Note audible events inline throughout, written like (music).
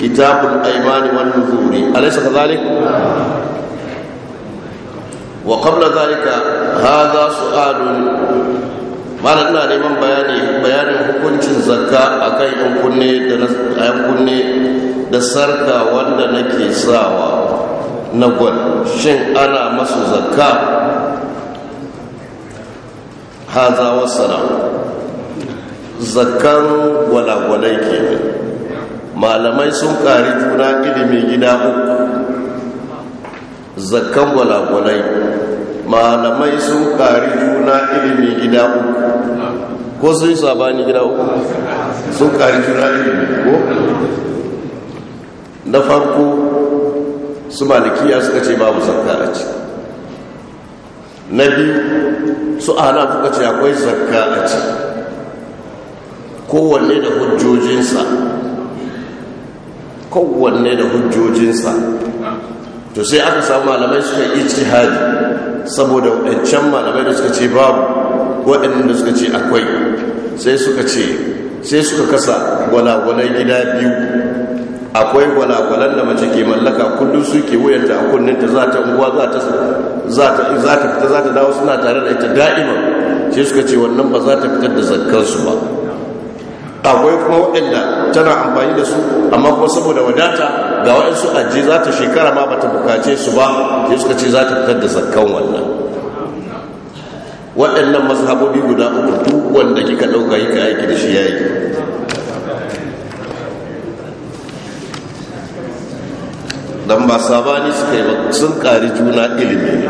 kitabul aimani wan nuzuri alaysa kadhalik wa qabla dhalika hadha su'alun malam ina neman bayanin hukuncin zakka akan yan kunne da yan kunne da sarka wanda nake sawa na gwal shin ana masu zakka haza wasara zakkan gwalagwalai kenan malamai sun ƙari juna ilimi gida uku zakkan gwalagwalai malamai sun ƙari juna ilimi gida uku ko sun yi sabani gida uku sun ƙari juna ilimi ko na farko su malikiya suka ce babu zakka a ciki na biyu su ana suka ce akwai zakka a ciki kowanne da hujjojinsa kowanne da hujjojinsa to sai aka samu malamai suka yi ijtihadi saboda waɗancan malamai da suka ce babu da suka ce akwai sai suka ce sai suka kasa gwalagwalan gida biyu akwai gwalagwalan da mace ke mallaka kullum su ke wuyanta a kunninta za ta unguwa za ta fita za ta dawo suna tare da ita da'ima sai suka ce wannan ba za ta fitar da zakkansu ba akwai kuma waɗanda tana amfani da su amma kuma saboda wadata ga waɗansu ajiye za ta shekara ma bata bukace su ba sai suka ce za ta fitar da zakkan wannan waɗannan mazhabobi guda uku duk wanda kika ɗauka yi ka aiki da shi ya yi don ba sabani suka yi sun ƙari juna ilimi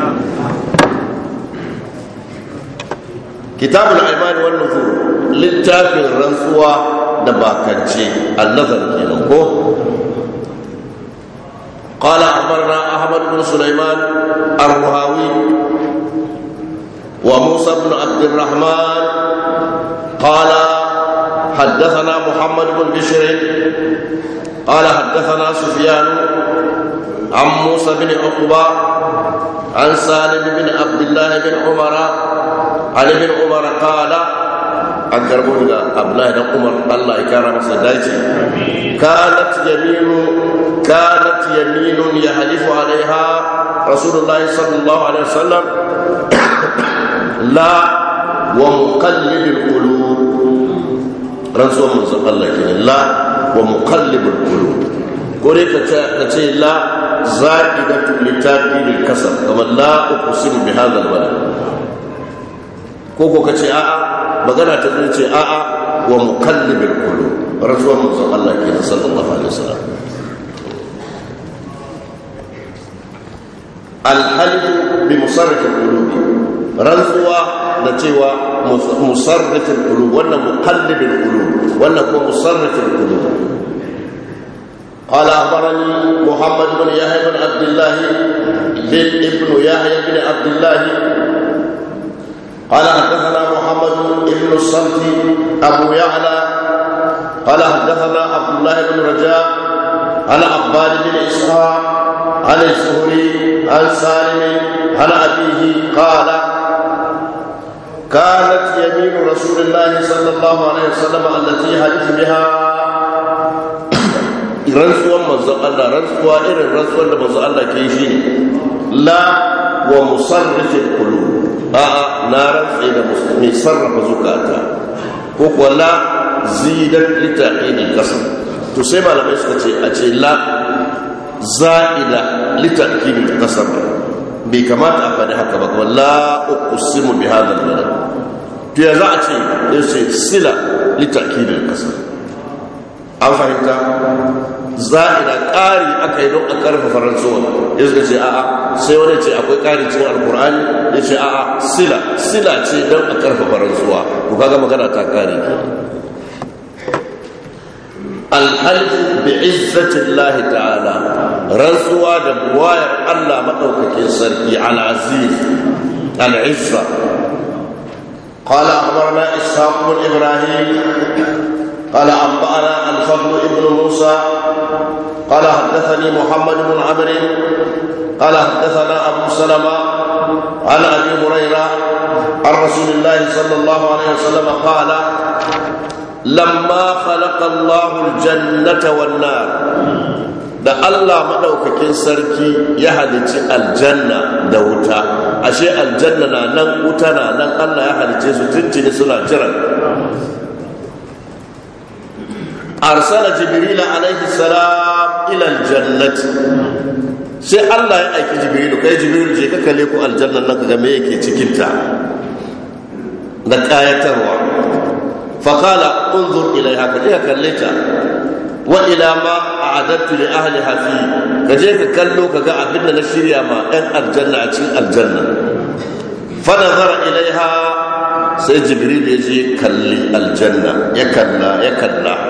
kitabul aiman wannan zuwa littafin rantsuwa da bakance annazar kenan ko قال أخبرنا أحمد بن سليمان الرهاوي وموسى بن عبد الرحمن قال حدثنا محمد بن بشر قال حدثنا سفيان عن موسى بن عقبة عن سالم بن عبد الله بن عمر عن ابن عمر قال an karbo daga abdullahi dan umar allah ya kara masa dace kanat yaminu kanat yaminun ya halifu alaiha rasulullahi sallallahu alaihi wasallam la wa muqallibul qulub rantsuwar manzon allah kenan la wa muqallibul qulub ko dai ka ce la za'idatu litabdil kasab kamar la uqsimu bi hadha al ko ko kace a'a magana ta zai ce a'a wa mukallibin kudu rasuwar manzon Allah ke da sallallahu alaihi wasallam alhalifu bi musarrafin kulu. rantsuwa da cewa musarrafin kulu wannan mukallibin kulub wannan kuma musarrafin kulub قال أخبرني محمد بن يحيى بن عبد الله بن ابن يحيى بن عبد الله قال حدثنا محمد بن الصمت أبو يعلى قال حدثنا عبد الله بن رجاء عن عباد بن إسحاق عن الزهري عن سالم عن أبيه قال كانت يمين رسول الله صلى الله عليه وسلم التي حدث بها rantsuwan manzon Allah rantsuwa irin rantsuwan da manzon Allah ke shi la wa musarrifin qulub a'a na rantse da mai sarrafa zukata ko kuwa la zidan ne kasa to sai malamai suka ce a ce la za'ida litaqini kasa bai kamata a faɗi haka ba kuma la uqsimu bi hadha da to ya za a ce ce sila litaqini kasa an fahimta za'ida ƙari aka yi don a ƙarfafa rantsuwa ya suka ce a'a sai wani ce akwai ƙari cikin alkur'ani ya ce a'a sila sila ce don a ƙarfafa rantsuwa ku kaga magana ta ƙari alhalif bi izzatin lahi ta'ala rantsuwa da buwayar allah maɗaukakin sarki al'aziz al'izza قال أخبرنا إسحاق بن إبراهيم قال أنبأنا الفضل بن موسى قال حدثني محمد بن عمرو قال حدثنا أبو سلمة عن أبي هريرة عن رسول الله صلى الله عليه وسلم قال لما خلق الله الجنة والنار da Allah maɗaukakin sarki ya halicci aljanna da wuta ashe aljanna na nan wuta na nan Allah ya halicce su tuntuni suna jiran arsala jibril alaihi salam ila aljannati sai Allah ya aiki jibrilu kai jibril je ka kalle ku aljanna naka ga me yake cikin ta da kayatarwa fa qala unzur ilaiha ka je ka kalle ta wa ila ma a'adattu li ahliha fi ka je ka kallo ka ga abin da na shirya ma ɗan aljanna a cikin aljanna fa nazara ilaiha sai jibrilu ya je kalli aljanna ya kalla ya kalla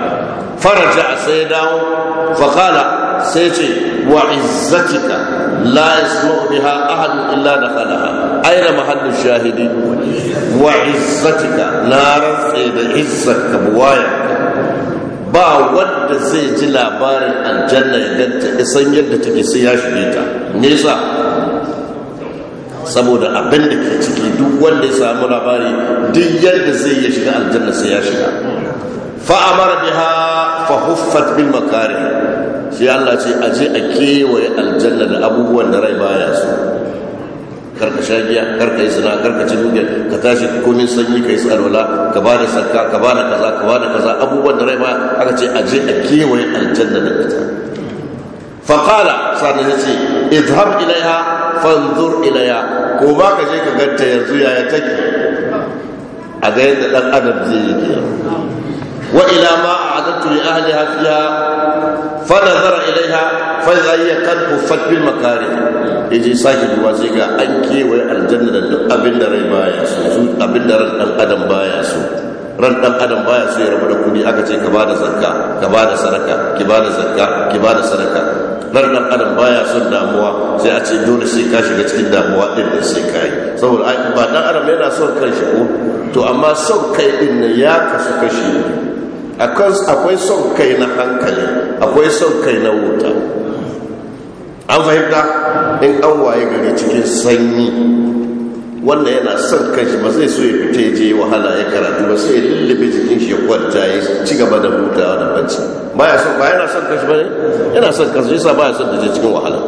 faraja sai ya dawo faƙala sai ce wa izzatika la yasmu biha ahad illa dakhala aina mahallu shahidi wa izzatika la rafi da izzaka buwaya ba wanda zai ji labarin aljanna dan ganta isan yadda take sai ya shige ta nisa saboda abin da ke ciki duk wanda ya samu labari duk yadda zai ya shiga aljanna sai ya shiga fa’amar biha fahuffat huffat bil makarim sai Allah ce a je a kewaye aljanna da abubuwan da rai baya su karka sha giya karka yi suna karka ci dubiya ka tashi komin sanyi ka yi alwala ka ba da sarka ka ba da kaza ka ba da kaza abubuwan da rai baya aka ce a je a kewaye aljanna da ita faƙala sani ya ce idhab ilaiha fanzur ilaiha ko ba ka je ka ganta yanzu yaya take a ga yadda ɗan adam zai yi وإلى ما أعددت لأهلها فيها فنظر إليها فإذا هي قد هفت بالمكاره يجي sake بوازيكا أنكي وي الجنة أبن دري بايا سو أبن دري الأدم بايا سو ran dan adam baya so ya rabu da kudi aka ce ka bada zakka ka bada sadaka ki bada zakka ki bada sadaka ran dan adam baya son damuwa sai a ce dole sai ka shiga cikin damuwa din da sai ba dan adam yana son kanshi ko to amma son kai din ya kasu kashi akwai son kai na hankali akwai son kai na wuta an fahimta in an waye gari cikin sanyi wannan yana son kanshi ba zai so ya fita ya je wahala ya karatu ba sai ya lullube jikin shi ya kwanta ya ci gaba da hutawa da bacci ya son ba yana son kanshi ba ne yana son kansa yasa ya son da je cikin wahala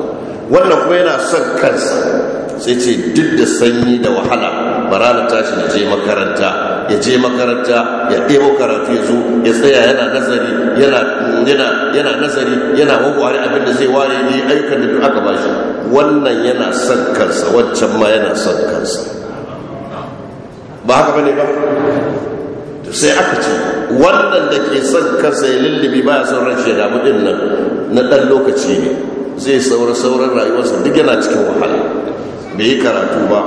wannan kuma yana son kansa sai ce duk da sanyi da wahala bara na tashi na je makaranta ya je makaranta ya ɗebo karatu ya zo ya tsaya yana nazari yana yana yana nazari yana wawware abin da zai ware ne ayyukan da duk aka shi wannan yana son kansa wancan ma yana son kansa ba haka bane ba sai aka ce wannan da ke son kansa ya lullubi ba ya son rashi ya damu din nan na ɗan lokaci ne zai saura sauran rayuwarsa duk yana cikin wahala bai yi karatu ba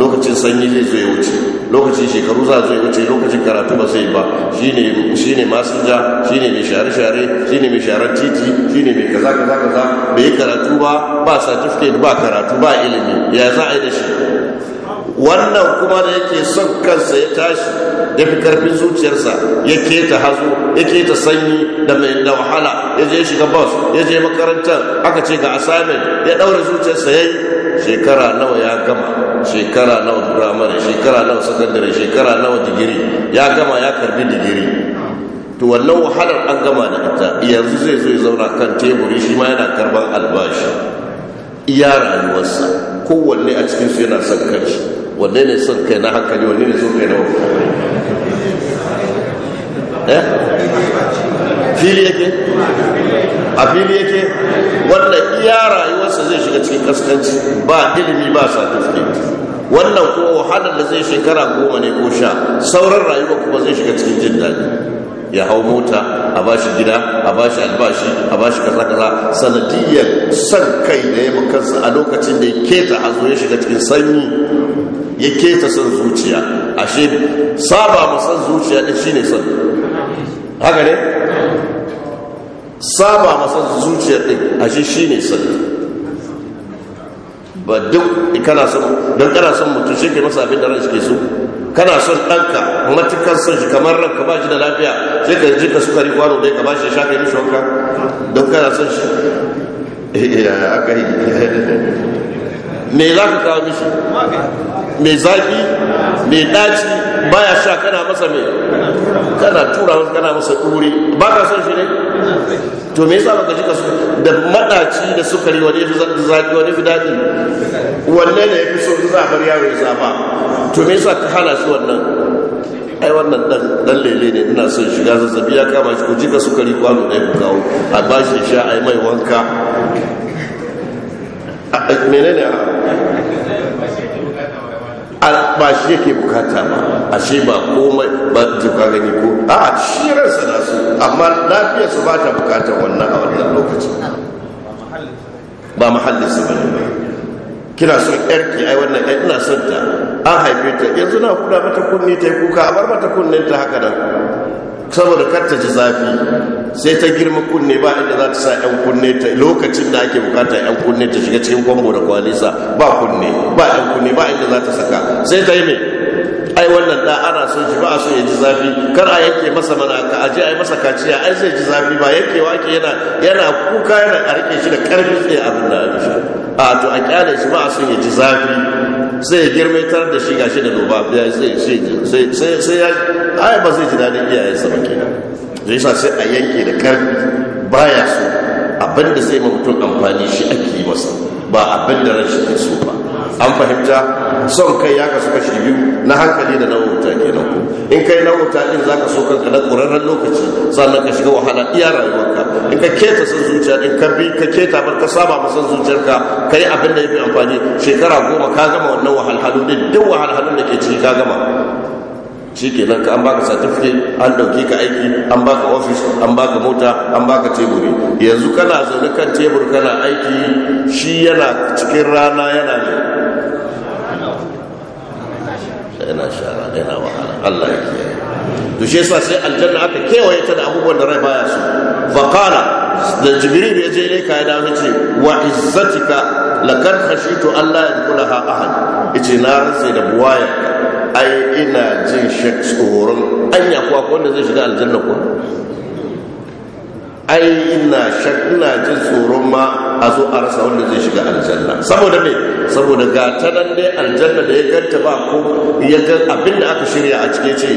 lokacin sanyi zai zo ya wuce lokacin shekaru za zo ya wuce lokacin karatu ba zai ba shine shine masinja shine mai share share shine mai sharar titi shine mai kaza kaza kaza bai karatu ba ba certificate ba karatu ba ilimi ya za a yi da shi wannan kuma da yake son kansa ya tashi ya fi karfin zuciyarsa ya keta hazo ya keta sanyi da mai da wahala ya je shiga bus ya je makarantar aka ce ga assignment ya ɗaura zuciyarsa ya yi shekara nawa ya gama shekara nawa firamare shekara nawa sakandare shekara nawa digiri ya gama ya karbi digiri to wannan wahalar an gama da ita yanzu zai zo ya zauna kan teburi shi ma yana karban albashi iya rayuwarsa kowanne a cikin su yana son kanshi wanne ne son kai na hankali wanne ne son kai na wakilai eh? fili yake a fili yake wanda iya rayuwarsa zai shiga cikin kaskanci ba ilimi ba certificate wannan kuma wahalar da zai shekara goma ne ko sha sauran rayuwa kuma zai shiga cikin jin daɗi ya hau mota a bashi gida a bashi albashi a bashi kaza kaza sanadiyar san kai da ya kansa a lokacin da ya keta a zo ya shiga cikin sanyi ya keta son zuciya ashe saba ma son zuciya ɗin shine son haka ne saba masa zuciyar ɗin a shi shi ne sanda ba duk kana son don kana son mutum shi ke masa abin da ranshi ke so kana son ɗanka matukan son shi kamar ranka ba shi da lafiya sai ka ji ka sukari kwano dai ka ba shi shafe mishi wanka don kana son shi eh, aka yi me za ka kawo mishi me zafi me ɗaci baya sha kana masa mai kana tura masa kana masa ɗuri ba ka son shi ne to me yasa baka jika su da madaci da sukari wani yafi zaki wani yafi daɗi wanne ne yafi so za a bar yaro ya zaba to me yasa ka hana shi wannan ai wannan dan dan lele ne ina son shiga zazzabi ya kama shi ko jika sukari kwano dai ku kawo a bashi sha ai mai wanka menene a ba shi yake bukata ba a shi ba komai ba tuka gani ko a shi ransa na su amma su ba ta bukata wannan a wannan lokaci. ba su ba ne ba kina son yarki ai wannan ina son ta an haife ta yanzu na kuda mata kunne ta yi kuka a bar mata kunnen ta haka nan saboda karta ji zafi sai ta girma kunne ba inda za ta sa yan kunne ta lokacin da ake bukata yan kunne ta shiga cikin kwambo da kwalisa ba kunne ba yan kunne ba inda za ta saka sai ta yi mai ai wannan da ana son shi ba a so ya ji zafi kar a yanke masa mana ka aje ai masa kaciya ai zai ji zafi ba yankewa ake yana yana kuka yana a rike shi da karfi tsaye abin da ya shi a to a kyale shi ba a son ya ji zafi sai tar da shi gashi da noba sai sai sai sai ya ai ba zai ji dadin iyayensa ba kenan zai sa sai a yanke da karfi baya so abinda sai mutum amfani shi ake yi masa ba abinda rashin so ba an fahimta son kai ya kasu kashi biyu na hankali da na wauta kenan ku in kai na wauta din zaka so kanka na ƙurarren lokaci sannan ka shiga wahala iya rayuwarka in ka keta son zuciya din ka bi ka keta bar ka saba ma son zuciyarka kai abin da yafi amfani shekara goma ka gama wannan wahalhalun din duk wahalhalun da ke ciki ka gama shi nan ka an baka satifiket an dauke ka aiki an baka ofis an baka mota an baka teburi yanzu kana zaune kan tebur kana aiki shi yana cikin rana yana ne yana shara yana wahala Allah ya kiyaye to shi yasa sai aljanna aka kewaye ta da abubuwan da rai baya su fa qala da jibril ya je ilaika ya dawo ce wa izzatika lakad khashitu Allah ya yadkhulaha ahad yace na rantsa da buwaya ai ina jin shak tsoron anya kuwa ko wanda zai shiga aljanna ko ai ina shak ina jin tsoron ma a zo a rasa wanda zai shiga aljanna saboda me saboda ga ta nan dai aljanna da ya ganta ba ko ya ga abin da aka shirya a cike ce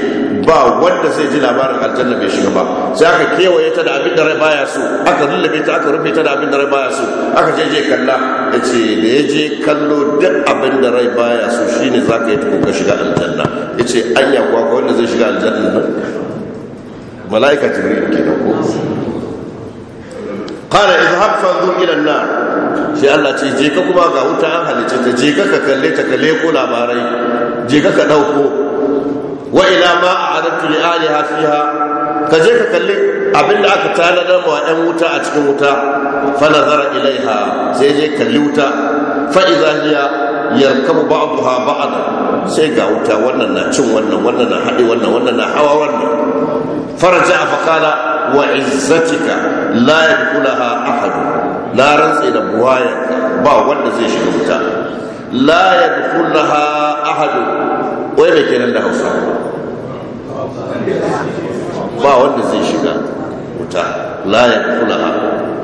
ba wanda zai ji labarin aljanna bai shiga ba sai aka kewaye ta da abin da rai baya so aka lullube ta aka rufe ta da abin da rai baya so aka je je kalla ya ce da ya je kallo duk abin da rai baya so shine za ka yi tukun ka shiga aljanna ya ce anya kuwa ka wanda zai shiga aljanna nan mala'ika jibril da ko قال اذهب فانظر الى النار sai Allah ce je ka kuma ga wuta an halice ta je ka ka kalle ta kalle ko labarai je ka ka dauko wa ila ma a'adatu li aliha fiha ka je ka kalle abinda aka tanadar wa ɗan wuta a cikin wuta fa nazara ilaiha sai je kalli wuta fa idza hiya yarkabu ba'daha ba'da sai ga wuta wannan na cin wannan wannan na haɗe wannan wannan na hawa wannan faraja fa qala wa izzatika la yakulaha ahadun la rantse da buwaya ba wanda zai shiga wuta la yadkhulaha ahadu wai da kenan da Hausa ba wanda zai shiga wuta la yadkhulaha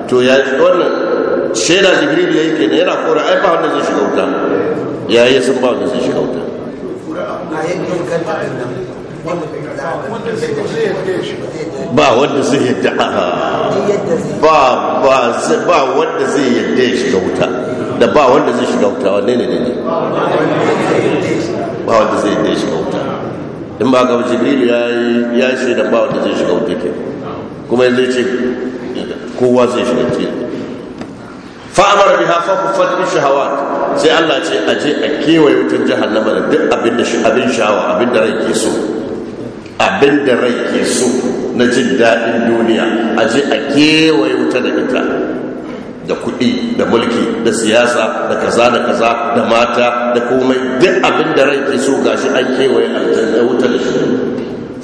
to ya wannan shaida jibril yayi kenan yana kora ai ba wanda zai shiga wuta yayi sun ba wanda zai shiga wuta ba wanda zai yadda ba ba wanda zai yadda ya shiga wuta da ba wanda zai shiga wuta wanne ne ne ba wanda zai yadda ya shiga wuta in ba gaba jibril ya yi ya ce da ba wanda zai shiga wuta ke kuma yanzu ce kowa zai shiga ce fa amara biha fa kuffat min shahawat sai Allah ce aje a kewaye wutan jahannama da duk abin da abin shawa abin da rai ke so abin da rai ke so na jin daɗin duniya a je a kewaye wuta da ita da kuɗi da mulki da siyasa da kaza da kaza da mata da komai duk abin da rai ke so shi an kewaye aljanna wuta da shi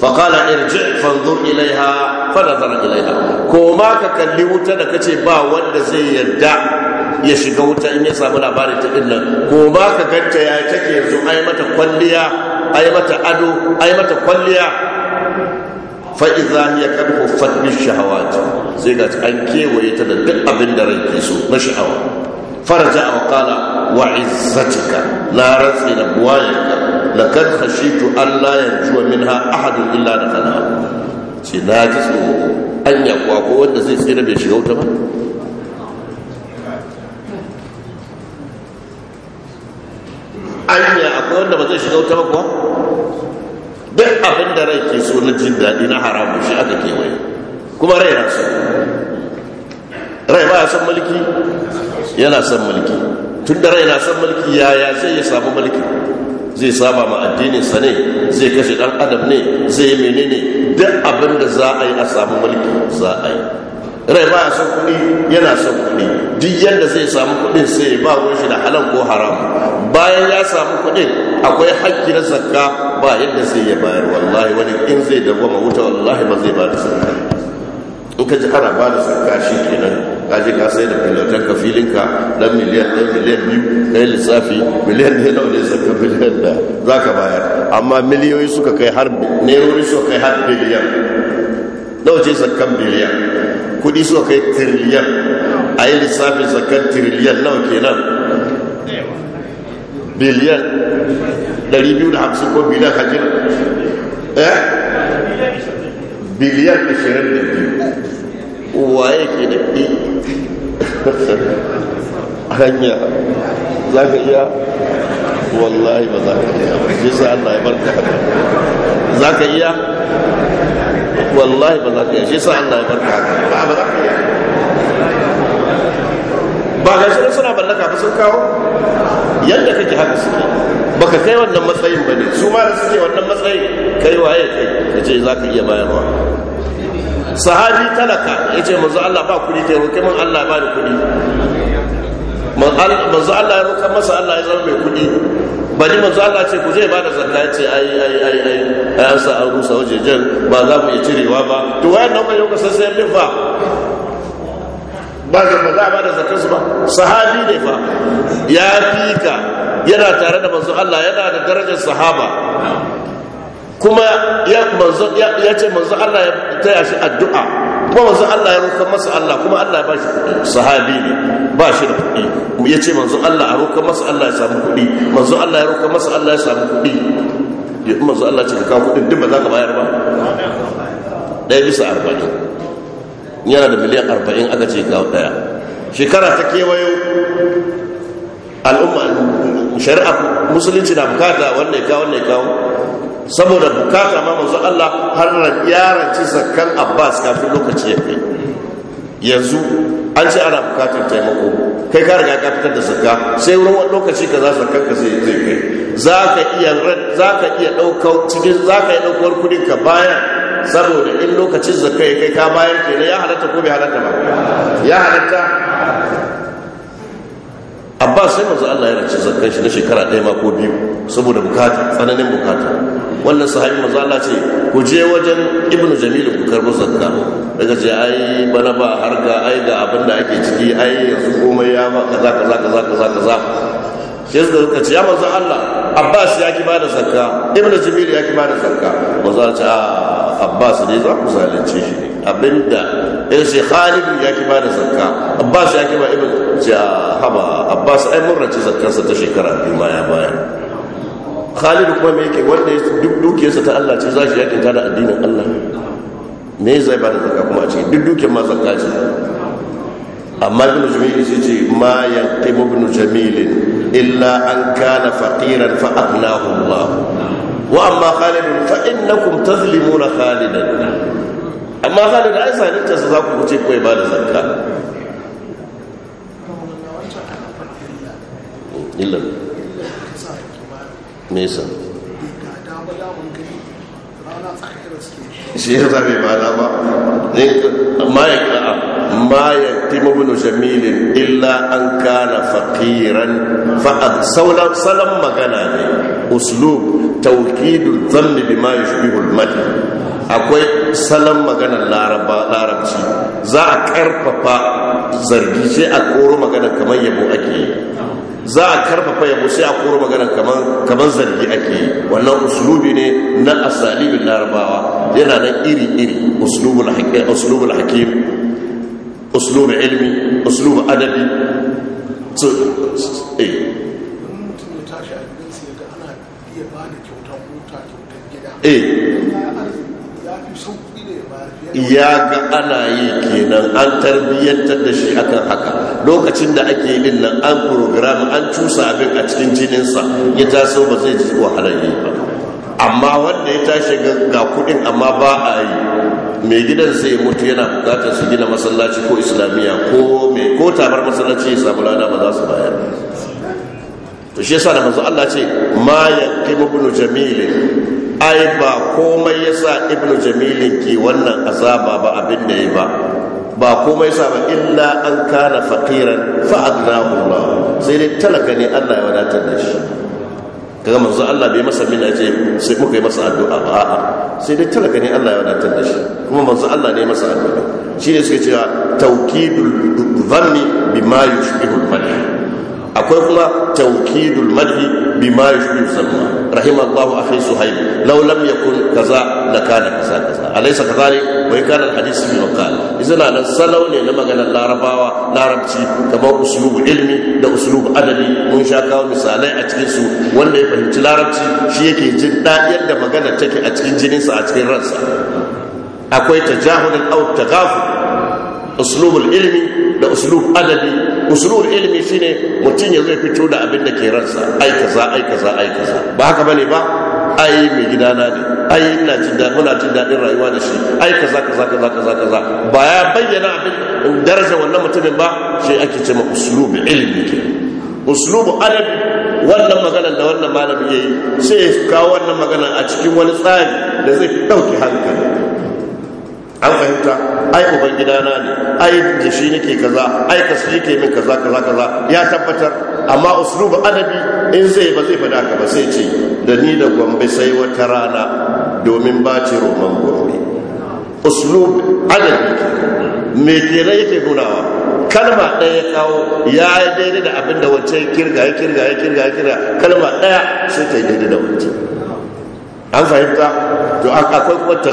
faƙala irji fanzur ilaiha fa nazara ilaiha ko ma ka kalli wuta da kace ba wanda zai yarda ya shiga wuta in ya samu labarin ta din nan ko ma ka ganta ya take yanzu ai mata kwalliya ai mata ado ai mata kwalliya fa idza hiya kad huffat min shahawat sai ga an kewaye ta da duk abin da rai ke so na sha'awa faraja wa qala wa izzatika la ratsi da buwayaka لقد خشيت ألا ينجو منها أحد إلا دخلها سيناجس أن يقوى قوة نزيد سينا بيشيغوتا anya akwai wanda ba zai shiga wuta ba kuwa duk abin da rai ke so na jin daɗi na haramu shi aka kewaye kuma rai na so rai ba ya san mulki yana san mulki tun da rai na san mulki yaya zai ya samu mulki zai saba ma addininsa ne zai kashe ɗan adam ne zai yi menene duk abin da za a yi a samu mulki za a yi rai ba son kuɗi yana son kuɗi duk yadda zai samu kuɗin sai ba wani shi da halal ko haram bayan ya samu kuɗin akwai haƙƙi na zakka ba yadda zai ya bayar wallahi wani in zai ma wuta wallahi ba zai ba da zakka in ka ji ana ba da zakka shi kenan ka je ka sai da filotar ka filinka dan miliyan ɗaya miliyan biyu na yi lissafi miliyan ɗaya na wani zakka miliyan da za ka bayar amma miliyoyi suka kai har nerori suka kai har biliyan nawa ce zakkan biliyan kuɗi suka kai tiriliyan a yi lissafin zakkan tiriliyan nawa kenan biliyan 250 ko biliyan hajjin eh biliyan 22 waye ke da ɗi (laughs) hanya za ka iya wallahi ba za ka iya shi sa Allah ya barka haka za ka iya wallahi ba za ka iya shi sa Allah ya barka haka ba ba za ka iya ba ga shi suna ballaka ba sun kawo yadda kake haka suke baka kai wannan matsayin ba ne su ma da suke wannan matsayin kai waye kai ka ce za ka iya bayarwa sahabi talaka ya ce manzo Allah ba kuɗi kai roƙi man Allah ba da kuɗi manzo Allah ya roƙa masa Allah ya zama mai kuɗi bari manzo Allah ce ku zai bada zakka ya ce ai ai ai ai an sa an rusa wajejen ba za mu iya cirewa ba to wayan nan yau yau sassa min fa ba za a ba da zakar su ba sahabi ne fa ya fi ka yana tare da manzo Allah yana da darajar sahaba kuma ya manzon ya ce manzo Allah ya taya shi addu'a kuma manzo Allah ya roƙa masa Allah kuma Allah ya bashi shi kuɗi sahabi ne ba shi da kuɗi ya ce manzo Allah a roƙa masa Allah ya samu kuɗi Manzo Allah ya roƙa masa Allah ya samu kuɗi manzo Allah ce ka kawo kuɗin duk ba za ka bayar ba ɗaya bisa arba'in yana da miliyan arba'in aka ce ga daya shekara ta kewayo al'umma shari'a musulunci na bukata wanda ya kawo wanda ya kawo saboda bukata ma manzo Allah har yaran ci zakkan Abbas kafin lokaci ya kai yanzu an ce ana bukatar taimako kai ka riga ka fitar da zakka sai wurin wani lokaci ka za zakkan ka zai zai kai za ka iya ɗaukar cikin za ka iya ɗaukar kuɗin ka bayan saboda in lokacin zakka kai ka bayar ke ya halatta ko bai halatta ba ya halatta abba sai manzo Allah ya race zakkan shi na shekara ɗaya ma ko biyu saboda bukata tsananin bukata wannan sahabi manzo Allah ce ku je wajen ibnu jamil ku karbo zakka daga ce ai bana ba harka ai ga abin da ake ciki ai yanzu komai ya ba kaza kaza kaza kaza kaza sai ka ce ya manzo Allah abbas ya ki bada zakka ibnu jamil ya ki bada zakka manzo Allah ce abbas ne za ku zalunce shi ne abinda ya eh, ce khalid ya ki bada da zakka abbas ya ki ba ibn ja ah, haba abbas ai murrace zakkarsa ta shekara biyu ma ya baya khalid kuma me yake wanda duk dukiyarsa ta Allah ce za shi yakin ta da addinin Allah me zai bada da zakka kuma a ce duk dukiyar ma zakka ce amma ibn jamil sai ce ma yanqimu ibn jamil illa an kana faqiran fa aqnahu Allah واما خالد فانكم تظلمون خالدا اما خالد عايز ان انت تزاكو كوتي كوي بال زكا الا ميسا شيخ ابي ما ليك ما يقرا ما يتم ابن جميل الا ان كان فقيرا فاد سلم مغنا اسلوب taukidul zanni bima yushbihul madh akwai salon maganar larabci za a karfafa zargi sai a koro magana kamar yabo ake yi za a karfafa yabo sai a koro magana kamar zargi ake yi wannan uslubi ne na asalibin larabawa yana nan iri-iri uslubul eh, hakim uslubul ilmi uslubul adabi eh, Eh. ya ga ana yi kenan an tarbiyyanta da shi akan haka lokacin da ake yi nan an program an cusa abin a cikin jininsa ya taso ba zai ji wahalar yi ba amma wanda ya tashi ga kudin amma ba a yi mai gidan sai mutu yana bukatar su gina masallaci ko islamiyya ko mai ko tabar masallaci ya samu rana ba za su bayar to shi yasa da manzo Allah ce ma yaqimu bunu jamilin ai ba komai yasa ibnu jamilin ke wannan azaba ba abin da ya ba ba komai yasa ba illa an kana faqiran fa agnahu Allah sai dai talaka ne Allah ya wadatar da shi kaga manzo Allah bai masa min aje sai muka yi masa addu'a ba a'a sai dai talaka ne Allah ya wadatar da shi kuma manzo Allah ne masa addu'a shine suka cewa tawkidul dhanni bima yushbihu al-madh akwai kuma tawkidul madhi bima yushbihu salma rahimallahu akhi suhaib law lam yakun kaza la kana kaza kaza alaysa kadhalik wa kana alhadith fi maqal idan nan salo ne na maganar larabawa larabci kamar uslubu ilmi da uslubu adadi mun sha kawo misalai a cikin su wanda ya fahimci larabci shi yake jin dadiyar yadda magana take a cikin jininsa a cikin ransa akwai tajahul aw tagafu uslubu ilmi da uslubu adadi usulul ilimi shine mutum ya zai fito da abin da ke ransa ai kaza ai kaza ai kaza ba haka bane ba ai mai gidana ne ai ina jin daɗi muna jin daɗin rayuwa da shi ai kaza kaza kaza kaza kaza ba ya bayyana abin daraja wannan mutumin ba shi ake cewa usulul ilmi ke usulul adab wannan maganar da wannan malami yayi sai ya kawo wannan maganar a cikin wani tsari da zai ɗauki hankali an fahimta ai uban gidana ne ai da shi nake kaza ai ka shi ke min kaza kaza kaza ya tabbatar amma ba adabi in zai ba zai fada ka ba sai ce da ni da gombe sai wata rana domin ba ci roman gombe uslub adabi me rai yake nunawa kalma ɗaya ya kawo ya yi daidai da abin da wancan kirga ya kirga ya kirga ya kirga kalma ɗaya sai ta yi daidai da wancan an fahimta to akwai kuma ta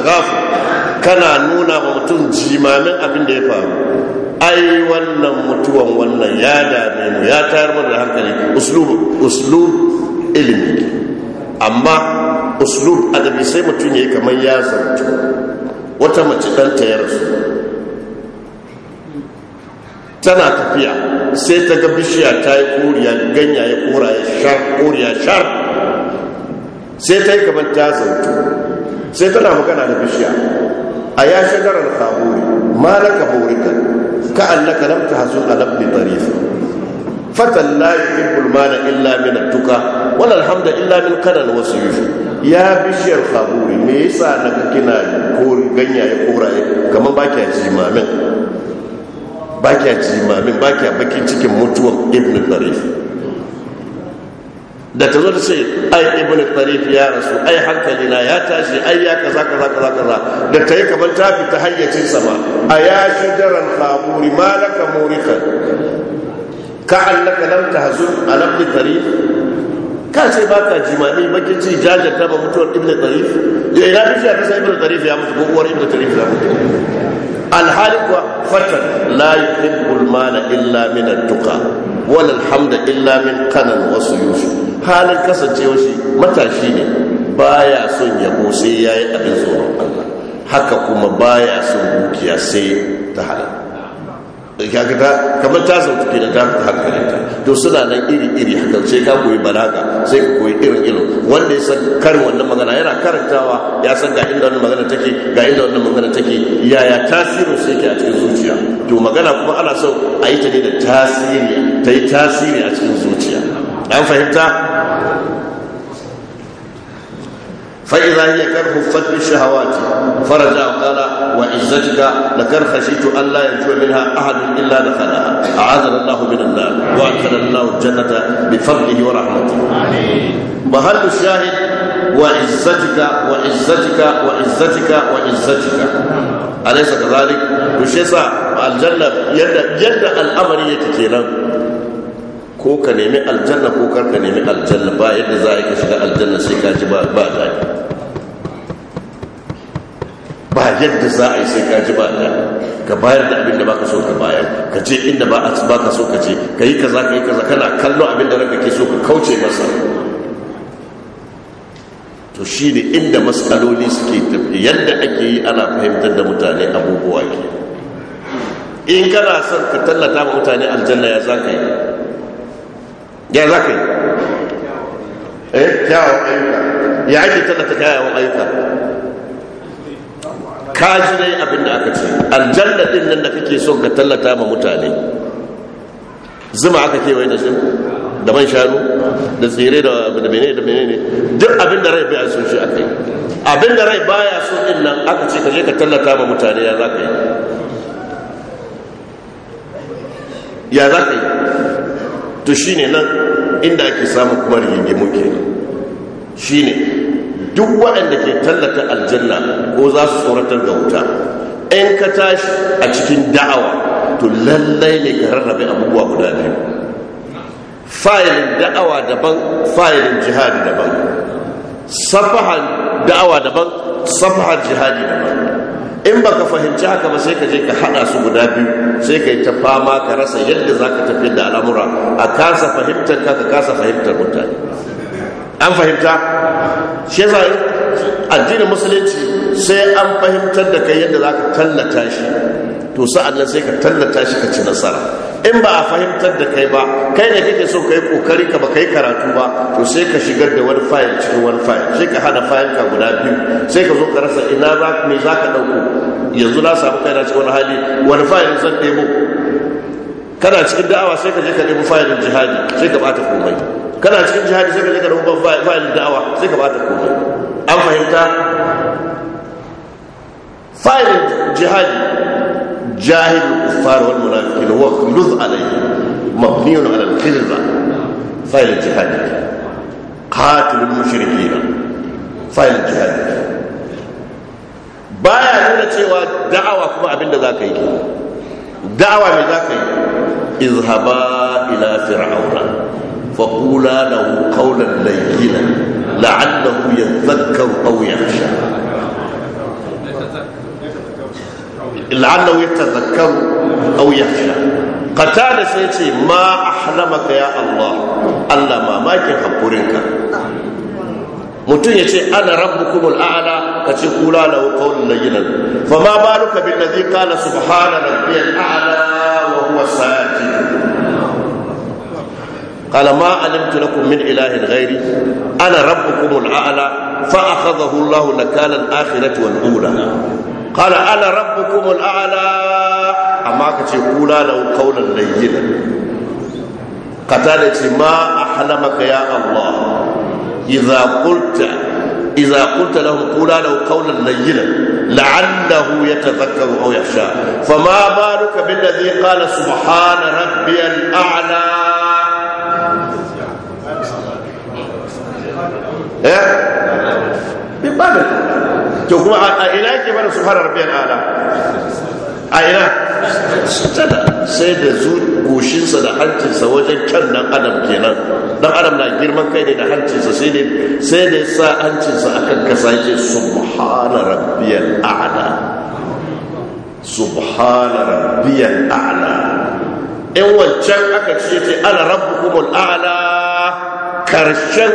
kana nuna wa mutum jimamin abin da ya faru ai wannan mutuwan wannan ya dame mu ya tayar mu da hankali uslub uslub ilimi amma uslub adabi sai mutum yayi kamar ya zanto wata mace dan ta ya rasu tana tafiya sai ta ga bishiya ta yi koriya ganyaye koraye shar koriya shar sai ta yi kamar ta zanto sai tana magana da bishiya a ya shagarar kaburi ma na kaburika ka annaka lam tahzun ala ibn tarif fatan layi yuhibbu al-mala illa min at-tuka wani alhamda illa min qanan wasu suyuf ya bishiyar kaburi me yasa na kina ko ganyaye koraye kamar baki a jimamin baki a jimamin baki a bakin cikin mutuwan ibn tarif da ta zo da ce ai ibn tarif ya rasu ai hankali na ya tashi ai ya kaza kaza kaza kaza da ta yi kamar ta fita hayyacin sama a ya shi shajaran khamuri malaka murikan ka annaka lam tahzun ala ibn tarif ka ce ba ka ba ki ci jajata ba mutuwar ibn tarif ya ina fi ta sai ibn tarif ya mutu ko uwar ibn tarif ya mutu alhali kuwa fatan la yuhibbul mala illa min at-tuqa wal hamda illa min qanan wasu yusuf halin kasancewa shi matashi ne ba ya son yabo sai ya yi abin tsoron Allah haka kuma ba ya son dukiya sai ta halal eh, kakata kamar ta zautu ke da ta fi hankalinta to suna nan iri-iri haka sai ka koyi balaga sai ka koyi irin irin wanda ya san karin wannan magana yana karantawa ya san ga inda wannan magana take ga inda wannan magana take yaya tasirin sai ke a cikin zuciya to magana kuma ana so a yi ta ne da tasiri ta yi tasiri a cikin zuciya an fahimta فإذا هي قد خفت بالشهوات فرجع قال وعزتك لقد خشيت أن لا ينجو منها أحد إلا دخلها أعاذنا الله من النار وأدخلنا الله الجنة بفضله ورحمته محل الشاهد وعزتك وعزتك وعزتك وعزتك أليس كذلك؟ يشيسا الجنة يد يد الأمر يتكينا ko ka nemi aljanna ko kar ka nemi aljanna ba yadda za ka shiga aljanna sai ka ji ba daɗi ba yadda za a yi sai ka ji ba da ka bayar da abin da baka so ka bayar ka je inda ba ka so ka je ka yi kaza ka yi kaza kana kallon abin da ranka ke so ka kauce masa to shi ne inda matsaloli suke tafi yadda ake yi ana fahimtar da mutane abubuwa ke in kana son ka tallata ma mutane aljanna ya za ka yi ya za ka yi eh kyawun ayyuka ya ake tallata kyawawan ayyuka ka ji dai abin da aka ce aljanna din nan da kake son ka tallata ma mutane zuma aka kewaye da shi da man shanu da tsire da mene da mene ne duk abin da rai baya son shi aka yi abin da rai baya son din nan aka ce ka je ka tallata ma mutane ya za ka yi ya za ka yi to shine nan inda ake samun kuma rigingimu ke shine duk waɗanda ke tallata aljanna ko za su tsoratar da wuta in ka tashi a cikin da'awa to lallai ne ka rarrabe abubuwa guda biyu fayilin da'awa daban fayilin jihadi daban safahan da'awa daban safahan jihadi daban in ba ka fahimci haka ba sai ka je ka hada su guda biyu sai ka yi ta fama ka rasa yadda za ka tafi da al'amura a kasa fahimtar ka ka kasa fahimtar mutane an fahimta shi yasa addinin musulunci sai an fahimtar da kai yadda za ka tallata shi to sa'an nan sai ka tallata shi ka ci nasara in ba a fahimtar da kai ba kai ne kake so ka yi kokari ka ba ka yi karatu ba to sai ka shigar da wani fayil cikin wani fayil sai ka hada fayil ka guda biyu sai ka zo ka rasa ina za me za ka ɗauko yanzu na samu kai na cikin wani hali wani fayil zan nemo? kana cikin da'awa sai ka je ka nemi fayilin jihadi sai ka bata komai kana cikin jihadi sai ka je ka nemi fayilin da'awa sai ka bata komai an fahimta فاعل الجهاد جاهد الكفار والمنافقين هو لذ عليه مبني على الخلفة فاعل الجهاد قاتل المشركين فاعل الجهاد baya nuna cewa da'awa kuma abinda za ka yi da'awa mai za ka yi izhaba ila fir'auna fa qula lahu qawlan layyina la'allahu yadhakkaru aw لعله يتذكر او يخشى قتال سيتي ما احلمك يا الله الا ما ماك حقرك متون يتي انا ربكم الاعلى كتي قولا له قول لينا فما بالك بالذي قال سبحان ربي الاعلى وهو ساجد قال ما علمت لكم من اله غيري انا ربكم الاعلى فاخذه الله نكال الاخره والاولى قال أنا ربكم الأعلى أما كتقول له قولا لينا قتالة ما أحلمك يا الله إذا قلت إذا قلت له قولا له قولا لينا لعله يتذكر أو يخشى فما بالك بالذي قال سبحان ربي الأعلى إيه؟ ببالك to kuma a ina yake bada su fara biyan ala a ina sai da zu goshinsa da hancinsa wajen kyan dan adam kenan dan adam na girman kai ne da hancinsa sai da sai da sa hancinsa akan kasa yake subhana rabbiyal a'la subhana rabbiyal a'la in wancan aka ce ce ana rabbukumul a'la karshen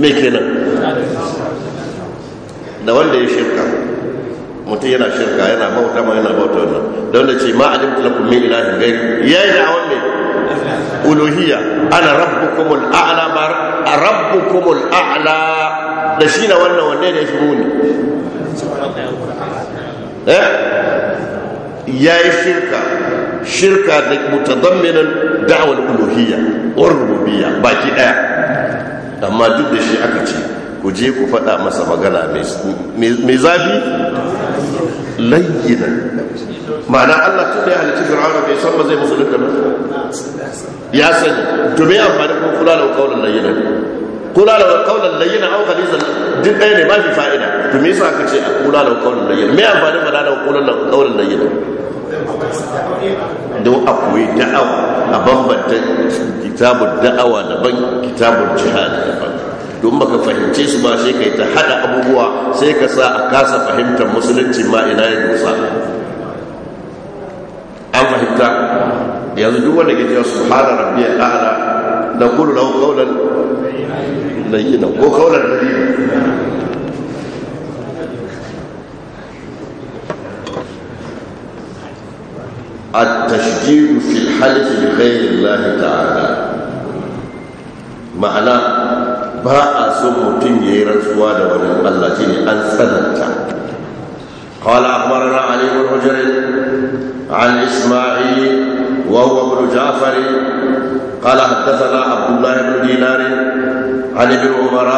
me kenan da wanda ya shirka mutum yana shirka yana bauta ma yana bauta wanda da wanda ce ma alimtu lakum min ilahin ya yayi da wanne uluhiyya ana rabbukumul a'la bar rabbukumul a'la da shi na wannan wanda ne shi muni eh yayi shirka shirka da mutadamminan da'wal uluhiyya wa rububiyya baki daya amma duk da shi aka ce ku je ku faɗa masa magana mai zafi layyina ma'ana allah tun da ya halittu fir'auna bai san ba zai duka ba ya sani to me amfani kuma kula da kaulan layyina kula da kaulan layyina wakali zan duk ɗaya ne ba fi fa'ida to mai sa ka ce a kula da kaulan layyina Mai amfani ba da kaulan layyina don a koyi da'awa a bambanta kitabun da'awa ban kitabun da ban don baka fahimce su ba sai kai ta hada abubuwa sai ka sa a kasa fahimtar musulunci ma ina ya dosa an fahimta yanzu duk wanda ke cewa subhana rabbiyal a'la da kullu lahu qawlan layyina ko qawlan layyina التشجيع في الحلف بغير الله تعالى معناه ba a so mutum ya yi rantsuwa da wani Allah shi ne an tsananta قال أخبرنا علي بن حجر عن إسماعيل وهو ابن جعفر قال حدثنا عبد الله بن دينار عن ابن عمر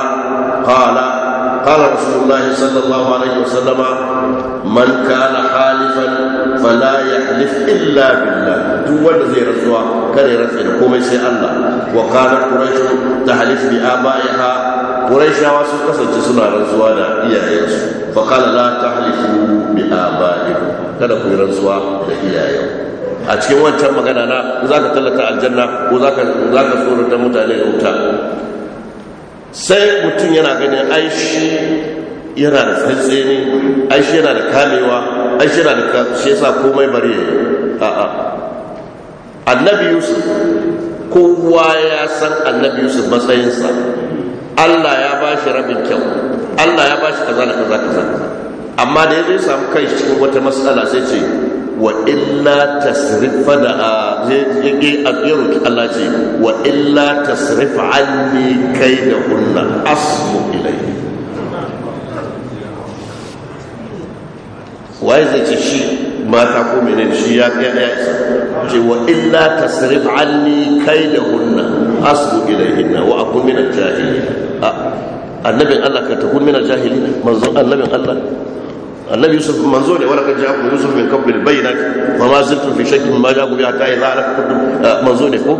قال قال رسول الله صلى الله عليه وسلم من كان حاجة halifan fala ya halif illa billah duk wanda zai rantsuwa kada ya rantsa da komai sai Allah wa qala quraish halif bi abaiha quraishawa sun kasance suna rantsuwa da iyayensu fa qala la tahlifu bi abaikum kada ku rantsuwa da iyayen a cikin wancan magana na za ka tallata aljanna ko za ka tsorata mutane da wuta sai mutum yana ganin aishi yana da ne ai shi yana da kamewa ai shi yana da shi yasa komai bari ya yi a'a annabi yusuf kowa ya san annabi yusuf matsayinsa allah ya ba shi rabin kyau allah ya ba shi kaza da kaza kaza amma da ya zai samu kai cikin wata matsala sai ce wa illa tasrifa da a yake abiyarwa ki allah ce wa illa tasrifa anni kai da hunna asmu ilai waye zai ce shi mata ko menene shi ya ya isa ce wa illa kai tasrif anni kaidahunna asbu ilayhinna wa akun min al-jahilin annabin Allah ka ta min al-jahilin manzo annabin Allah annabi yusuf manzo ne walaka ja'akum yusuf min qabl al-bayinat wa ma zaltum fi shakkin mimma ja'akum bi hatta idha alaqakum manzo ne ko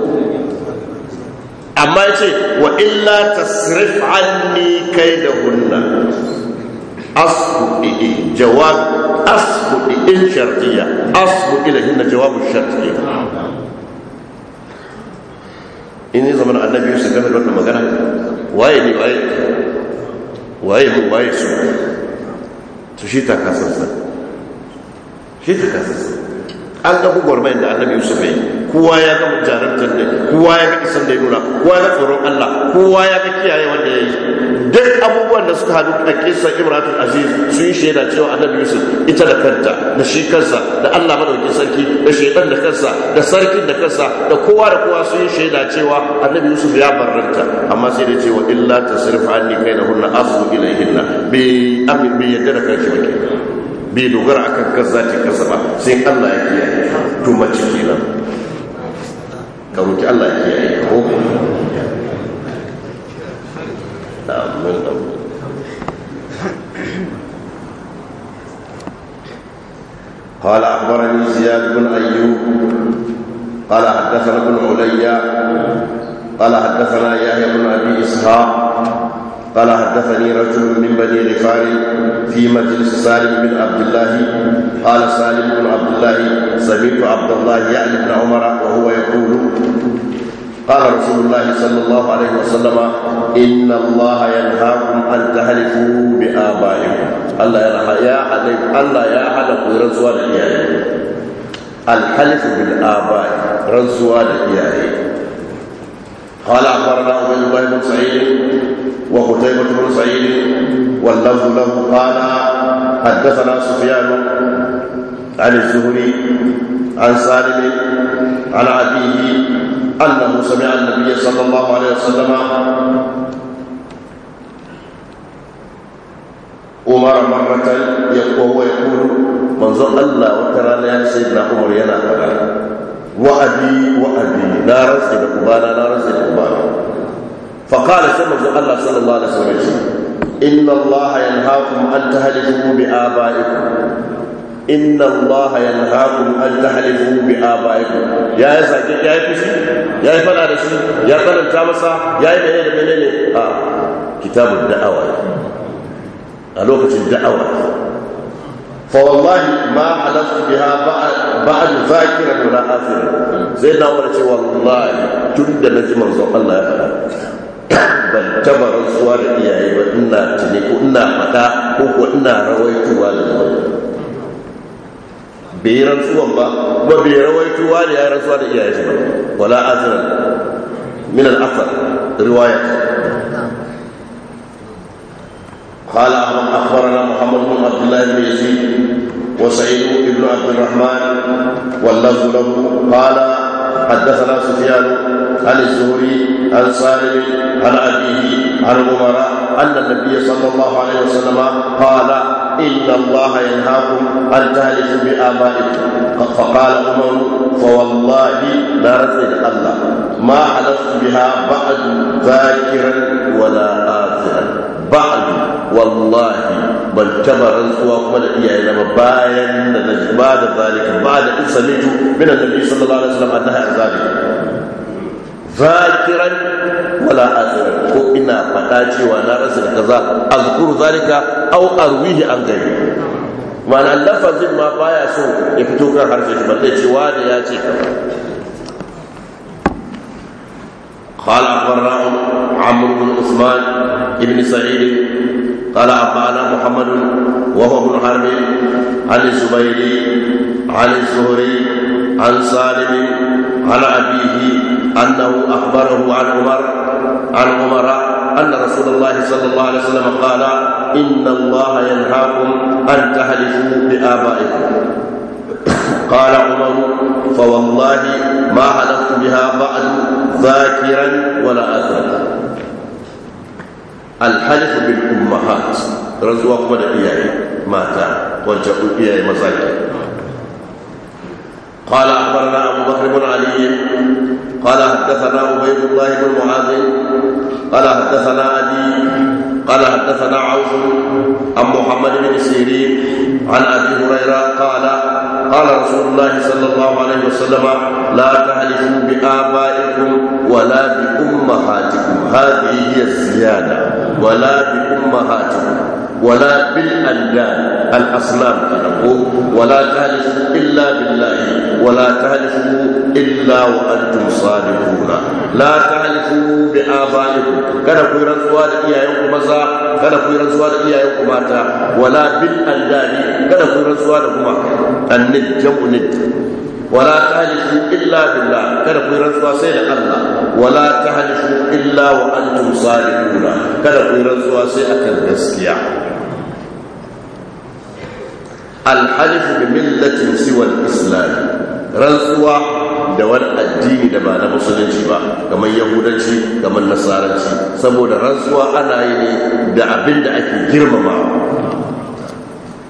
amma yace wa illa tasrif anni kaidahunna asbu jawab أصب إن شرطية أصب إليهن جواب الشرطية إني زمن النبي يوسف قبل وأنا مقرأ وين وين waye mu waye su to shi ta kasarsa shi ta kasarsa an ga gwagwarmayar da annabi yusuf ya kowa ya ga jarantar da kowa ya ga isan da ya nuna kowa ya tsoron allah kowa ya ga kiyaye wanda ya yi duk abubuwan da suka hadu da kisa Ibrahim aziz sun shaida cewa annabi yusuf ita da kanta da shi kansa da allah madaukin sarki da shaidan da kansa da sarkin da kansa da kowa da kowa sun shaida cewa annabi yusuf ya barranta amma sai da cewa illa kai da hunna asu ilayhinna bi amin bi yadda da kanshi ba bai dogara akan kansa ta kansa ba sai allah ya kiyaye to mace kenan ka roki allah ya kiyaye ka أمين نعم، نعم. أمين قال أخبرني زياد بن أيوب قال حدثنا ابن علي قال حدثنا يحيى بن أبي إسحاق قال حدثني رجل من بني غفار في مجلس سالم بن عبد الله قال سالم بن عبد الله سمعت عبد الله يعني بن عمر وهو يقول قال رسول الله صلى الله عليه وسلم إن الله ينهاكم أن تهلكوا بآبائكم الله يرحى يا عليك الله يا عليك رزوا لإيائي الحلف بالآباء رزوا لإيائي قال أخبرنا عبد الله بن سعيد وقتيبة بن سعيد واللفظ له قال حدثنا سفيان عن الزهري عن سالم عن عبيه أنه سمع النبي صلى الله عليه وسلم عمر مرة وهو يقول منظر الله وترى يعني سيدنا عمر ينا وأبي وأبي لا رزق لقبانا لا رزق لقبانا فقال سمع الله صلى الله عليه وسلم إن الله ينهاكم أن تهلكوا بآبائكم inna allaha yanhaakum an tahlifu bi abaikum ya yi sake ya yi fushi ya yi fada da shi ya karanta masa ya yi menene da menene a kitabun da'awa a lokacin da'awa فوالله ما حلفت بها بعد ذاكرا ولا اثرا زي ما ورثي والله تند نجم الله ban taba rantsuwa da iyaye ba ina tuni ko ina fada ko ko ina rawaituwa da wani bai rantsuwan ba kuma bai rawaito wa da ya rantsuwa da iyayensa ba wala azra min al-afar riwaya qala ahmad akhbarana muhammad bin abdullah bin yasin wa sa'id ibn abd alrahman wa lahu qala haddathana sufyan عن الزهري عن سالم عن أبيه عن عمر أن النبي صلى الله عليه وسلم قال إن الله ينهاكم أن تهلكوا بآبائكم فقال عمر فوالله لا رزق الله ما حلفت بها بعد ذاكرا ولا آثرا بعد والله بل تبرا سواكم الإياء لما باين بعد ذلك بعد إن سمعت من النبي صلى الله عليه وسلم أنها ذلك zakiran wala azkuru ko ina faɗa cewa na rasa da kaza azkuru zalika au arwihi an gari ma'ana lafazin ma baya so ya fito kan harfe shi balle cewa da ya ce ka قال اخبرنا عمرو بن عثمان بن سعيد قال انبانا محمد وهو بن حرب عن الزبيري عن الزهري عن سالم عن ابيه أنه أخبره عن عمر عن عمر أن رسول الله صلى الله عليه وسلم قال إن الله ينهاكم أن تحلفوا بآبائكم قال عمر فوالله ما حلفت بها بعد ذاكرا ولا أذكر الحلف بالأمهات رزوا قبل إياه ماتا وجعوا إياه مزاجا قال أخبرنا أبو بكر بن علي قال حدثنا عبيد الله بن معاذ قال حدثنا ابي قال حدثنا عوف عن محمد بن سيرين عن ابي هريره قال قال رسول الله صلى الله عليه وسلم لا تحلفوا بآبائكم ولا بأمهاتكم هذه هي الزيادة ولا بأمهاتكم ولا بالأنداد الأصنام تنقو ولا تهلكوا إلا بالله ولا تهلكوا إلا وأنتم صادقون لا تهلكوا بآبائكم كان كوي رنسوا لإياكم مزا كان كوي رنسوا لإياكم ماتا ولا بالأنداد كان كوي رنسوا لكم الند جمع ند ولا تهلكوا إلا بالله كان كوي رنسوا سيد الله ولا تهلكوا إلا وأنتم صادقون كان كوي رنسوا سيد التزكية alhalifu da millatin siwal islam rantsuwa da wani addini da ba na musulunci ba kamar yahudanci kamar nasaranci saboda rantsuwa ana yi ne da abin da ake girmama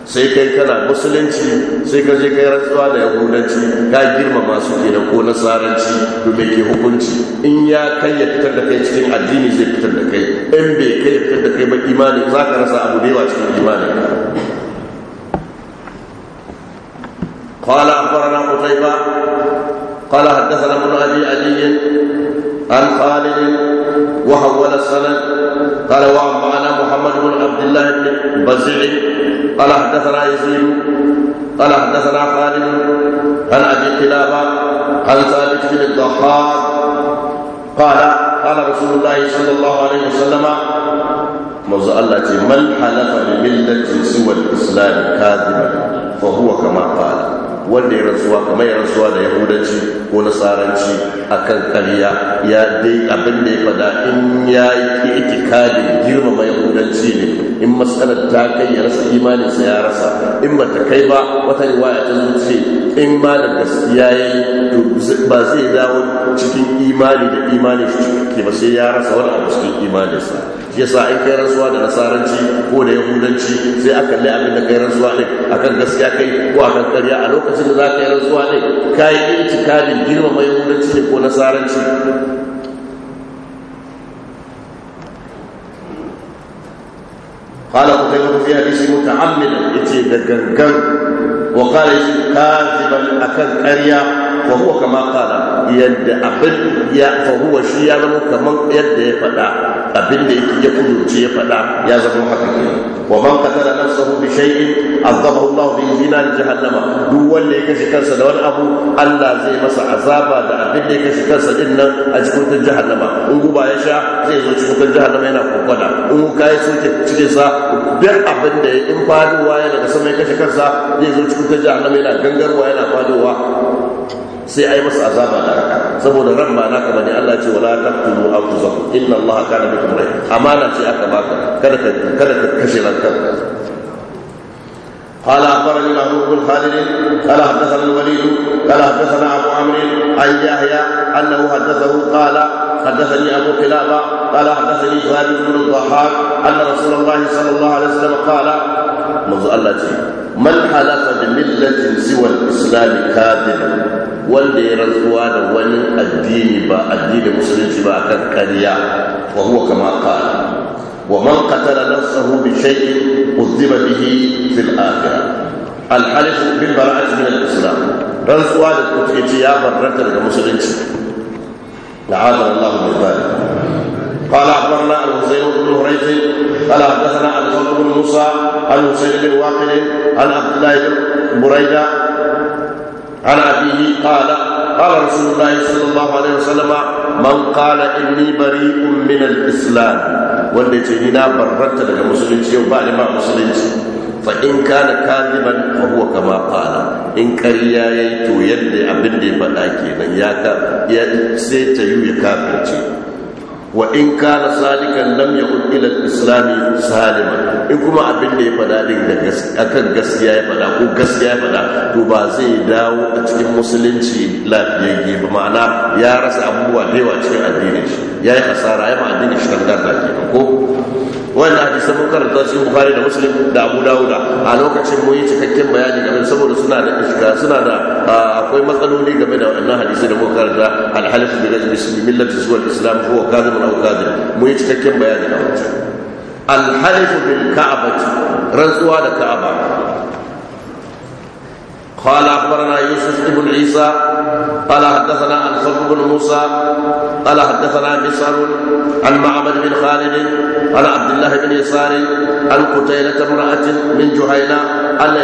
sai kai kana musulunci sai ka je kai rantsuwa da yahudanci ka girmama su ke da ko nasaranci domin ke hukunci in ya kai ya fitar da kai cikin addini zai fitar da kai in bai kai ya fitar da kai ba imani za ka rasa abu da yawa cikin imani قال أخبرنا قتيبة قال حدثنا ابن أبي عدي عن خالد وحول السند قال وأنبأنا محمد بن عبد الله بن بزيع قال حدثنا يزيد قال حدثنا خالد عن أبي قلابة عن ثابت بن الضحاك قال قال رسول الله صلى الله عليه وسلم manzo Allah ce man halafa bi millati siwa al-islam kadiban fa huwa kama qala wanda ya rasuwa kamar ya rantsuwa da yahudanci ko nasaranci akan ƙarya ya dai abin da ya fada in ya yi itikadi girmama yahudanci ne in matsalar ta kai ya rasa imaninsa ya rasa in ba ta kai ba wata riwaya ta zuce in ba da gaskiya ya yi ba zai dawo cikin imani da imani shi ba sai ya rasa wani abu cikin Ya sa in kai rasuwa da nasaranci ko da yahudanci sai aka lai abin da kai rasuwa ne akan gaskiya kai ko akan karya a lokacin lokacin da za ka yi rantsuwa ne ka yi girma girmama yahudanci ne ko nasaranci قال قتيبة في حديث متعمدا يتي دغنغن وقال كاذبا أكن قريا وهو كما قال يد shi يا فهو شيئا كما يد فدا abin da ya kudurce ya faɗa ya zama haka ke wa man qatala nafsahu bi shay'in azabahu Allah bi zinar jahannama duk wanda ya kashe kansa da wani abu Allah zai masa azaba da abin da ya kashe kansa din nan a cikin wutar jahannama in guba ya sha zai zo cikin wutar jahannama yana kokoda in ka yi soke cikin sa duk abin da in faduwa yana daga sama ya kashe kansa zai zo cikin wutar jahannama yana gangarwa yana faduwa sai ai masa azaba da haka saboda ran ba naka bane Allah ce wala taqtulu anfusakum inna Allah kana bikum rahim amana ce aka baka kada ka kada ka kashe ranka قال اخبرني محمود بن خالد قال حدثنا الوليد قال حدثنا ابو عمرو عن يحيى انه حدثه قال حدثني ابو قلابه قال حدثني خالد بن الضحاك ان رسول الله صلى الله عليه وسلم قال manzo Allah ce man halafa bi millatin siwa al-islam kafir wanda ya rantsuwa da wani addini ba addini musulunci ba kan kariya wa huwa kama qala wa man qatala nafsahu bi shay'in udhiba bihi fil akhirah al-halif bil bara'ati min al-islam rantsuwa da kuke ya barrata daga musulunci la'adallahu min dhalik قال اخبرنا الحسين بن هريث قال حدثنا عن بن موسى عن حسين بن واقد عن عبد الله بن بريده عن ابيه قال قال رسول الله صلى الله عليه وسلم من قال اني بريء من الاسلام wanda ce ni na barranta daga musulunci yau ba ba musulunci fa in kana kaziban fa huwa kama qala in ƙarya yayi to yadda abin da ya faɗa kenan ya ka ya sai ta yi ya kafirce wa in kana sadikan lam yakun ila al-islam in kuma abin da ya fada din da gaskiya kan gaskiya ya fada ko gaskiya ya fada to ba zai dawo a cikin musulunci lafiyayye ba ma'ana ya rasa abubuwa da yawa cikin addinin shi yayi kasara ya ma addinin shi kan da ko wannan hadisi mun karanta shi bukhari da muslim da abu dauda a lokacin mun yi cikakken bayani game saboda suna da iska suna da akwai matsaloli game da wannan hadisi da muka karanta alhalif bi rajmi millati suwal islam ko kadhib aw kadhib mun yi cikakken bayani a wancan alhalif bil ka'bati rantsuwa da ka'aba قال اخبرنا يوسف بن عيسى قال حدثنا انصر بن موسى قال حدثنا بشر عن معبد بن خالد عن عبد الله بن يسار عن قتيلة امرأة من جهينة أن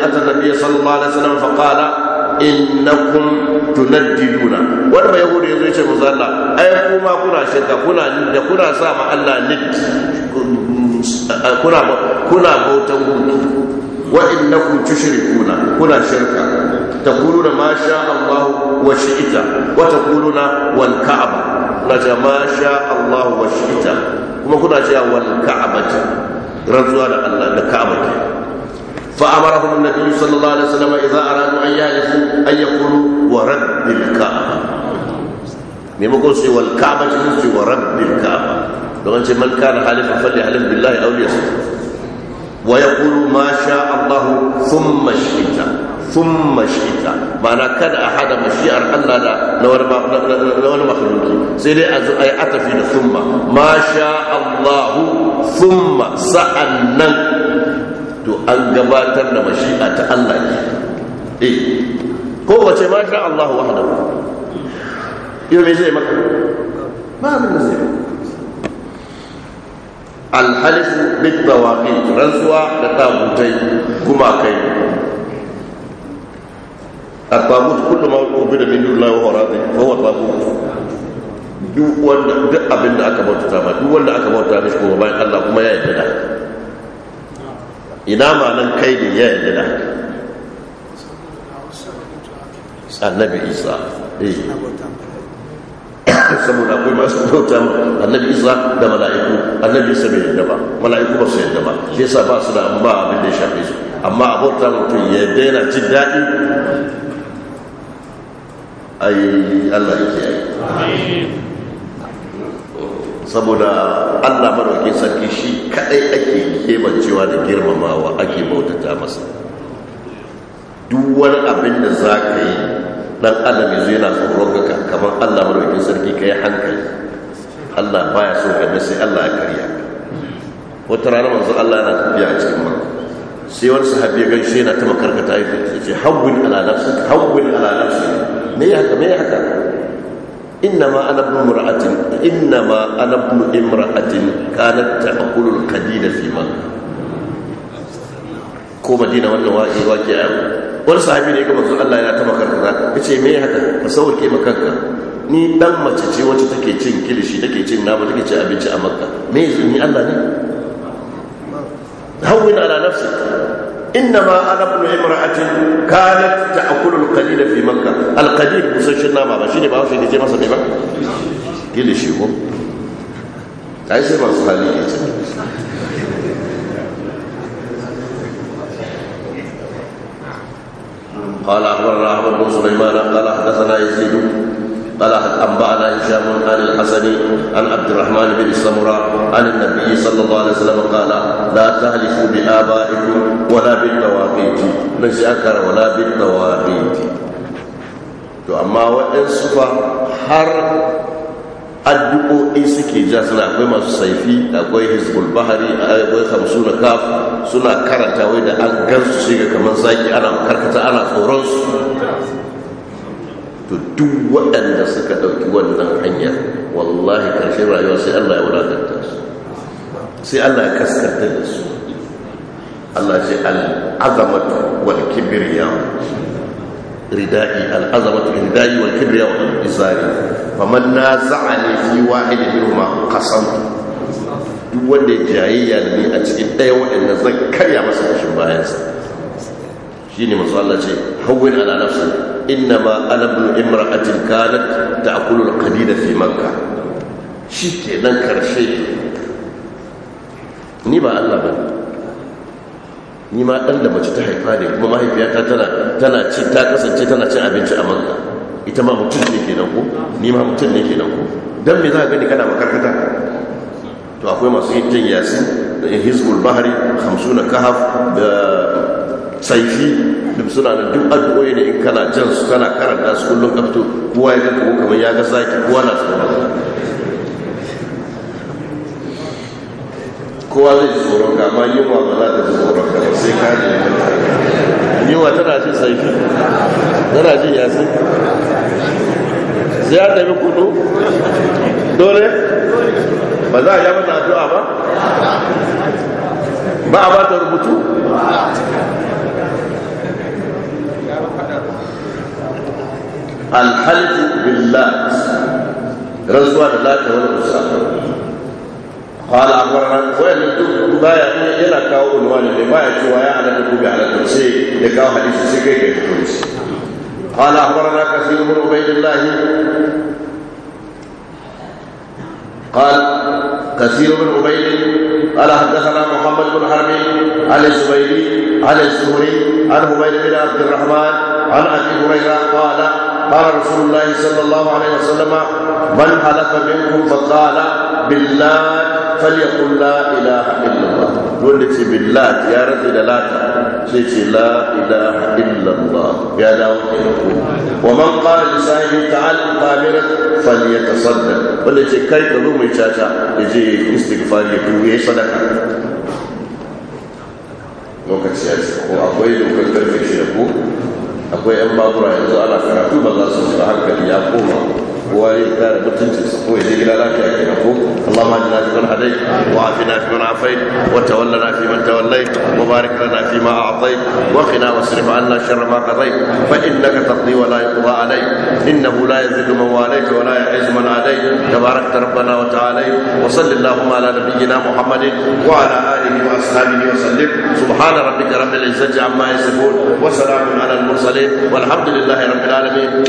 أتى النبي صلى الله عليه وسلم فقال innakum tunaddiduna wani mai yahudu yazo yace manzo Allah ai kuma kuna shakka kuna da kuna sa ma Allah nid kuna kuna bautan gudu wa’in na kuncu shirikuna kuna shirka ta na masha Allah wa shi’ita na walka’aba na ce masha Allah wa kuma kuna ce walka’aba ta rantsuwa da Allah da ka’aba ta fa’amara kuma na biyu sallallahu alaihi wasallama idan a ranar an yi halittu an yi kuru wa rabbin ka’aba maimakon su yi walka’aba cikin su man kana halifa falle halin billahi ويقول ما شاء الله ثم شئت ثم شئت معنى كان أحد مشيئة الله لا لو مخلوق سيدي أزو أي أتفين ثم ما شاء الله ثم سألنا تو أنقباتنا مشيئة الله إيه قوة ما شاء الله وحده يوم يزي مكة ما من زي alhalifu littawaki rantsuwa da tabutai gumakai الطاغوت كل ما عبد من دون الله وهو راضي فهو طاغوت duk wanda duk abin da aka bauta ba duk wanda aka bauta mishi kuma bayan Allah kuma ya yarda ina ma nan kai ne ya yarda annabi Isa eh saboda akwai masu bauta annabi isa da mala'iku annabi isa bai yadda ba mala'iku ba su yadda ba shi yasa ba su da ba abin da ya shafe su amma a bauta mutum ya daina jin daɗi ai allah ke yi saboda allah maraukin sarki shi kadai ake kebancewa da girmamawa ake bautata masa duk wani abin da za ka yi dan adam yanzu yana tsoron ka kamar Allah madaukakin sarki ka yi hankali Allah ba ya so ka sai Allah ya karya wata rana manzo Allah yana tafiya a cikin mara sai wani sahabi ya gan shi yana taba karkata ya ce hawwin alalarsu nafsi hawwin ala me ya haka me ya haka ma ana ibn inna ma ana ibn imra'atin ta ta'kulu kadi da fi makkah ko madina wannan waƙe waƙe a wani sahabi ne ga manzon Allah taba ta makarkara ya ce me haka ka ke makanka ni dan mace ce wacce take cin kilishi take cin nama take cin abinci a makka me yanzu ni Allah ne hawwin ala nafsi inna ma ana ibn imra'atin kanat ta'kulu al-qalila fi makka al-qalil busasshin nama ba shine ba shi ne je masa ne ba kilishi ko ai sai masu hali ya ce قال اخبرنا احمد بن سليمان قال حدثنا يزيد قال انبانا هشام عن الحسن عن عبد الرحمن بن السمراء عن النبي صلى الله عليه وسلم قال لا تهلكوا بابائكم ولا بالتواقيت من شكر ولا بالتواقيت. to وان waɗansu fa addu'o'i suke ja suna akwai masu saifi akwai hizbul bahari akwai hamsu kaf suna karanta wai da an gansu ga kamar zaki ana karkata ana tsoron su to duk waɗanda suka ɗauki wannan hanyar wallahi ƙarshen rayuwa sai allah ya wadatar su sai allah ya kaskanta da su allah ce al'azamatu wal kibriya ردائي العظمة ردائي والكبرياء والإزاري فمن نازعني في واحد منهما قصمت duk wanda ya jayayya da ni a cikin ɗaya waɗanda zan karya masa kashin bayansa shi ne masu Allah ce hawwin ala nafsi inna ma alabnu imra'atin kanat ta akulu alqadida fi makka shi ke nan karshe ni ba Allah ba ni ma dan da mace ta haifa ne kuma mahaifiyata tana ci ta kasance tana cin abinci a manka ita ma mutum ne ke nan ko ni ma mutum ne ke nan ko dan me za ka gani kana makarkata to akwai masu yin jin yasi da hizbul bahari 50 kahf da saifi duk suna da duk addu'o'i da in kana jin su kana karanta su kullum ka fito kowa ya ga kamar ya ga zaki kowa na tsoron kowa zai tsoron ka yi yunwa ba za ta tsoron ka sai ka ji yiwa tana jin zafi tana jin yasi sai an nemi kudu dole ba za a yi mata addu'a ba ba a ba ta rubutu alhalji billah rantsuwa da lati musamman قال أخبرنا وين بايع يلا كاو عنوان اللي بايع شوية على تكوب على تمسي لكاو حديث سكي كيف تمسي قال أخبرنا كثير بن عبيد الله قال كثير بن عبيد قال حدثنا محمد بن حرب عن الزبيري عن الزهري عن عبيد بن عبد الرحمن عن ابي هريره قال قال رسول الله صلى الله عليه وسلم من حلف منكم فقال بالله falyaqul la ilaha wanda ce billah ya rantsa da lata sai ce la ilaha ya dawo da yako wa man qala li sahibi wanda ce kai da mai caca ya je istighfar ya duwe sadaka lokaci ya ce ko akwai dokar karfe shi ko akwai yan babura yanzu ana karatu ba za su hankali ya koma kowa ya kare mutuncinsa ko ya je gida lafiya ke ko Allahumma ajina fi man hadait wa afina fi man afait wa tawallana fi man tawallait wa barik lana fi ma a'tait wa qina wasrif anna sharra ma qadait fa innaka taqdi wa la yuqda alayk innahu la yazillu man walayta wa la yu'izzu man adayt tabarakta rabbana wa ta'ala wa salli Allahumma ala Muhammadin amma mursalin والحمد لله رب العالمين